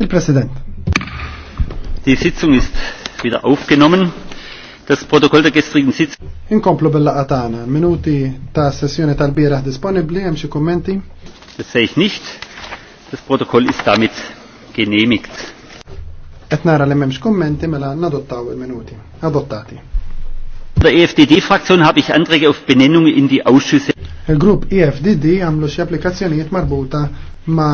Il-President. Die Sitzung ist wieder aufgenommen. Das Protokoll der gestrigen Sitzung. Inkomplu bil-laqa Minuti ta' sessjoni tal bira disponibli, hemm kommenti. Das sehe ich nicht. Das Protokoll ist damit genehmigt. Qed nara li m'hemmx kommenti mela nadottaw il-minuti. Adottati. Der EFDD-Fraktion habe ich Anträge auf Benennung in die Ausschüsse. Il-grupp EFDD għamlu xi applikazzjonijiet marbuta ma'